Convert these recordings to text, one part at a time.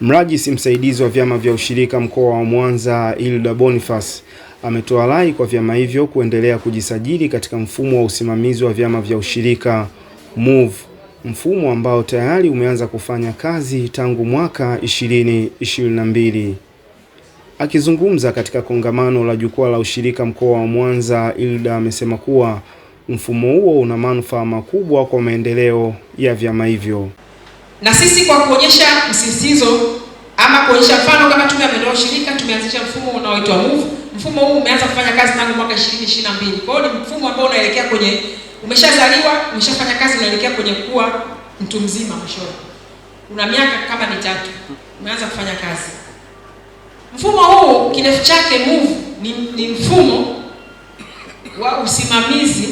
Mrajisi msaidizi wa vyama vya ushirika mkoa wa Mwanza, Hilda Boniface ametoa rai kwa vyama hivyo kuendelea kujisajili katika mfumo wa usimamizi wa vyama vya ushirika move mfumo ambao tayari umeanza kufanya kazi tangu mwaka 2022. Akizungumza katika kongamano la jukwaa la ushirika mkoa wa Mwanza, Hilda amesema kuwa mfumo huo una manufaa makubwa kwa maendeleo ya vyama hivyo na sisi kwa kuonyesha msisitizo ama kuonyesha mfano kama Tume ya Maendeleo tumeanzisha mfumo unaoitwa MOVE. Mfumo huu umeanza kufanya kazi tangu mwaka 2022. Kwa hiyo ni mfumo ambao unaelekea kwenye umeshazaliwa, umeshafanya kazi unaelekea kwenye kuwa mtu mzima mwishoni. Una miaka kama mitatu umeanza kufanya kazi. Mfumo huu kirefu chake MOVE ni, ni mfumo wa usimamizi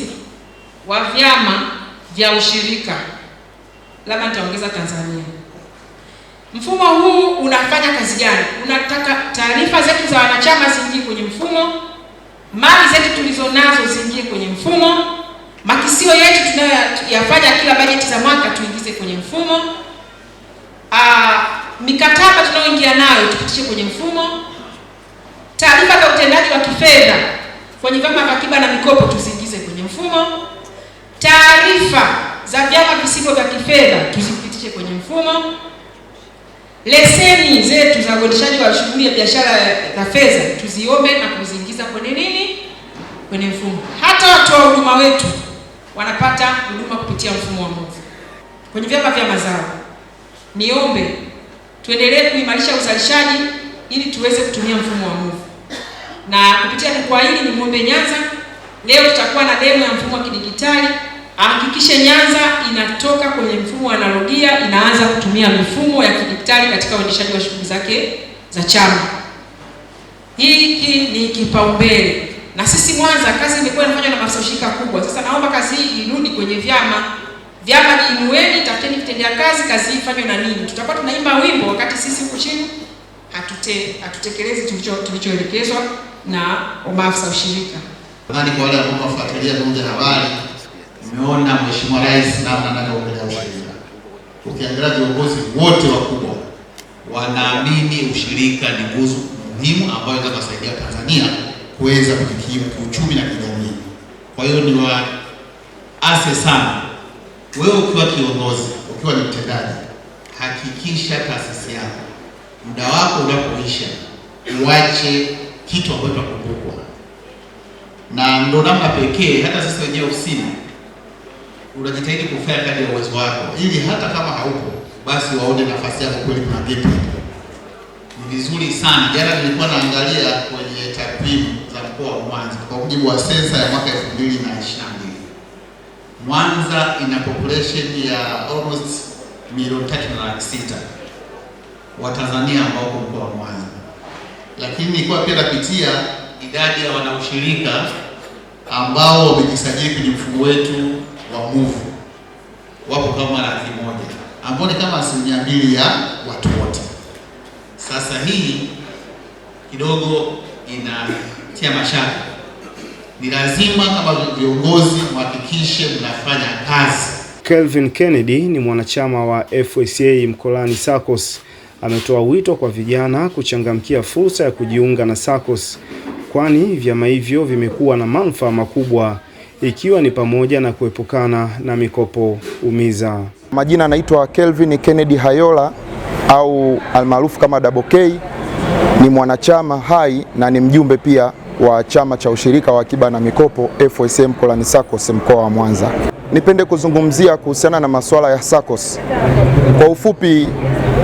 wa vyama vya ushirika labda nitaongeza Tanzania. Mfumo huu unafanya kazi gani? Unataka taarifa zetu za wanachama ziingie kwenye mfumo, mali zetu tulizonazo ziingie kwenye mfumo, makisio yetu tunayoyafanya kila bajeti za mwaka tuingize kwenye mfumo, aa, ah, mikataba tunayoingia nayo tupitishe kwenye mfumo, taarifa za utendaji wa kifedha kwenye vyama vya akiba na mikopo tuziingize kwenye mfumo, taarifa za vyama visivyo vya kifedha tuzipitishe kwenye mfumo. Leseni zetu za uendeshaji wa shughuli ya biashara za fedha tuziombe na kuziingiza kwenye nini, kwenye mfumo. Hata watoa huduma wetu wanapata huduma kupitia mfumo wa MOVU kwenye vyama vya mazao. Niombe tuendelee kuimarisha uzalishaji ili tuweze kutumia mfumo wa MOVU na kupitia jukwaa hili mwombe Nyanza, leo tutakuwa na demo ya mfumo wa kidigitali ahakikishe Nyanza inatoka kwenye mfumo wa analogia inaanza kutumia mifumo ya kidijitali katika uendeshaji wa shughuli zake za chama. Hiki ni kipaumbele, na sisi Mwanza kazi imekuwa inafanywa na maafisa ushirika kubwa. Sasa naomba kazi hii irudi kwenye vyama. Vyama jiinueni, tafuteni kitendea kazi, kazi hii ifanywe na nini. Tutakuwa tunaimba wimbo wakati sisi huku chini hatute hatutekelezi tulichoelekezwa na maafisa ushirika. Nadhani kwa wale ambao wafuatilia vyombo vya habari Nimeona Mheshimiwa Rais namna anavyoongelea ushirika. Ukiangalia viongozi wote wakubwa wanaamini ushirika ni nguzo muhimu ambayo inaweza kusaidia Tanzania kuweza kujikimu kiuchumi na kijamii. Kwa hiyo ni waase sana, wewe ukiwa kiongozi, ukiwa ni mtendaji, hakikisha taasisi yako muda wako unapoisha uache kitu ambacho takumbukwa, na ndo namna pekee hata sisi wenyewe ofisini unajitahidi kufanya kadri ya uwezo wako, ili hata kama haupo basi waone nafasi yako kweli kuna vipi. Ni vizuri sana. Jana nilikuwa naangalia kwenye takwimu za mkoa wa Mwanza kwa mujibu wa sensa ya mwaka 2022 Mwanza ina population ya almost milioni tatu na laki sita Watanzania ambao wako mkoa wa Mwanza, lakini nilikuwa pia napitia idadi ya wanaushirika ambao wamejisajili kwenye mfumo wetu wa nguvu wapo kama laki moja ambao ni kama asilimia mbili ya watu wote. Sasa hii kidogo inatia mashaka. Ni lazima kama viongozi mhakikishe mnafanya kazi. Kelvin Kennedy ni mwanachama wa FSA Mkolani SACCOS ametoa wito kwa vijana kuchangamkia fursa ya kujiunga na SACCOS kwani vyama hivyo vimekuwa na manufaa makubwa ikiwa ni pamoja na kuepukana na mikopo umiza. Majina anaitwa Kelvin Kennedy Hayola au almaarufu kama Double K, ni mwanachama hai na ni mjumbe pia wa chama cha ushirika wa akiba na mikopo FSM Kolani SACCOS mkoa wa Mwanza. Nipende kuzungumzia kuhusiana na masuala ya SACCOS kwa ufupi.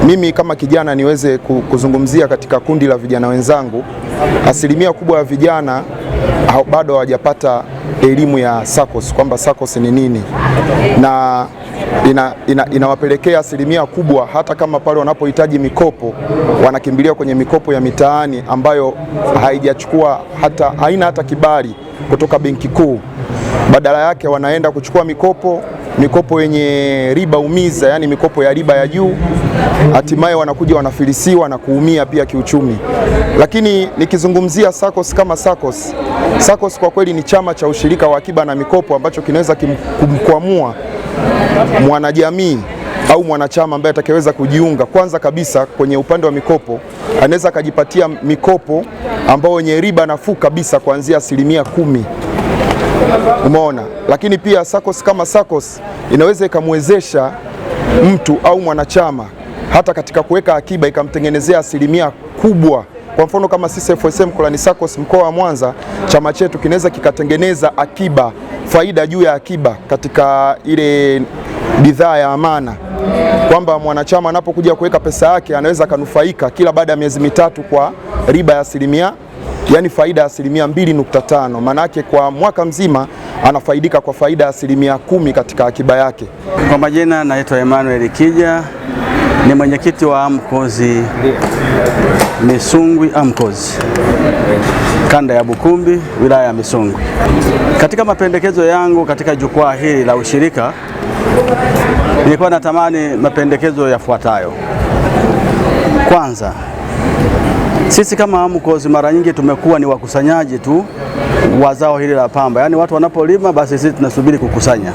Mimi kama kijana niweze kuzungumzia katika kundi la vijana wenzangu, asilimia kubwa ya vijana bado hawajapata elimu ya SACCOS kwamba SACCOS ni nini, na inawapelekea ina, ina asilimia kubwa, hata kama pale wanapohitaji mikopo wanakimbilia kwenye mikopo ya mitaani ambayo haijachukua hata haina hata kibali kutoka benki kuu, badala yake wanaenda kuchukua mikopo mikopo yenye riba umiza, yani mikopo ya riba ya juu, hatimaye wanakuja wanafilisiwa na kuumia pia kiuchumi. Lakini nikizungumzia SACCOS kama SACCOS, SACCOS kwa kweli ni chama cha ushirika wa akiba na mikopo ambacho kinaweza kumkwamua mwanajamii au mwanachama ambaye atakayeweza kujiunga. Kwanza kabisa kwenye upande wa mikopo, anaweza akajipatia mikopo ambayo yenye riba nafuu kabisa kuanzia asilimia kumi umeona. Lakini pia SACCOS kama SACCOS inaweza ikamwezesha mtu au mwanachama hata katika kuweka akiba ikamtengenezea asilimia kubwa. Kwa mfano kama sisi FSM Kolani SACCOS mkoa wa Mwanza, chama chetu kinaweza kikatengeneza akiba, faida juu ya akiba katika ile bidhaa ya amana kwamba mwanachama anapokuja kuweka pesa yake anaweza akanufaika kila baada ya miezi mitatu kwa riba ya asilimia yani faida asilimia mbili nukta tano Maanake kwa mwaka mzima anafaidika kwa faida ya asilimia kumi katika akiba yake. Kwa majina naitwa Emmanuel Kija, ni mwenyekiti wa Amkozi Misungwi, Amkozi kanda ya Bukumbi, wilaya ya Misungwi. Katika mapendekezo yangu katika jukwaa hili la ushirika, nilikuwa natamani mapendekezo yafuatayo. Kwanza, sisi kama AMCOS mara nyingi tumekuwa ni wakusanyaji tu wa zao hili la pamba, yaani watu wanapolima basi sisi tunasubiri kukusanya,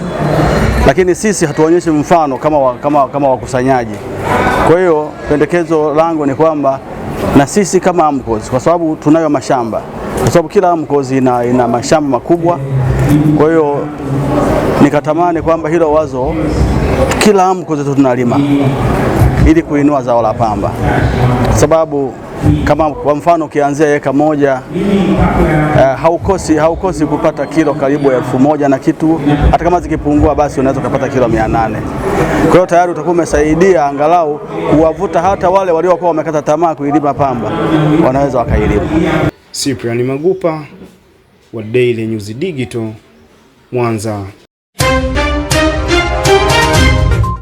lakini sisi hatuonyeshi mfano kama, wa, kama, kama wakusanyaji. Kwa hiyo pendekezo langu ni kwamba na sisi kama AMCOS kwa sababu tunayo mashamba, kwa sababu kila AMCOS ina, ina mashamba makubwa. Kwa hiyo nikatamani kwamba hilo wazo kila AMCOS tunalima ili kuinua zao la pamba, sababu kama kwa mfano ukianzia eka moja uh, haukosi haukosi kupata kilo karibu elfu moja na kitu, hata kama zikipungua basi unaweza ukapata kilo mia nane. Kwa hiyo tayari utakuwa umesaidia angalau kuwavuta hata wale waliokuwa wamekata tamaa kuilima pamba, wanaweza wakailima. Cyprian Magupa wa Daily News Digital, Mwanza.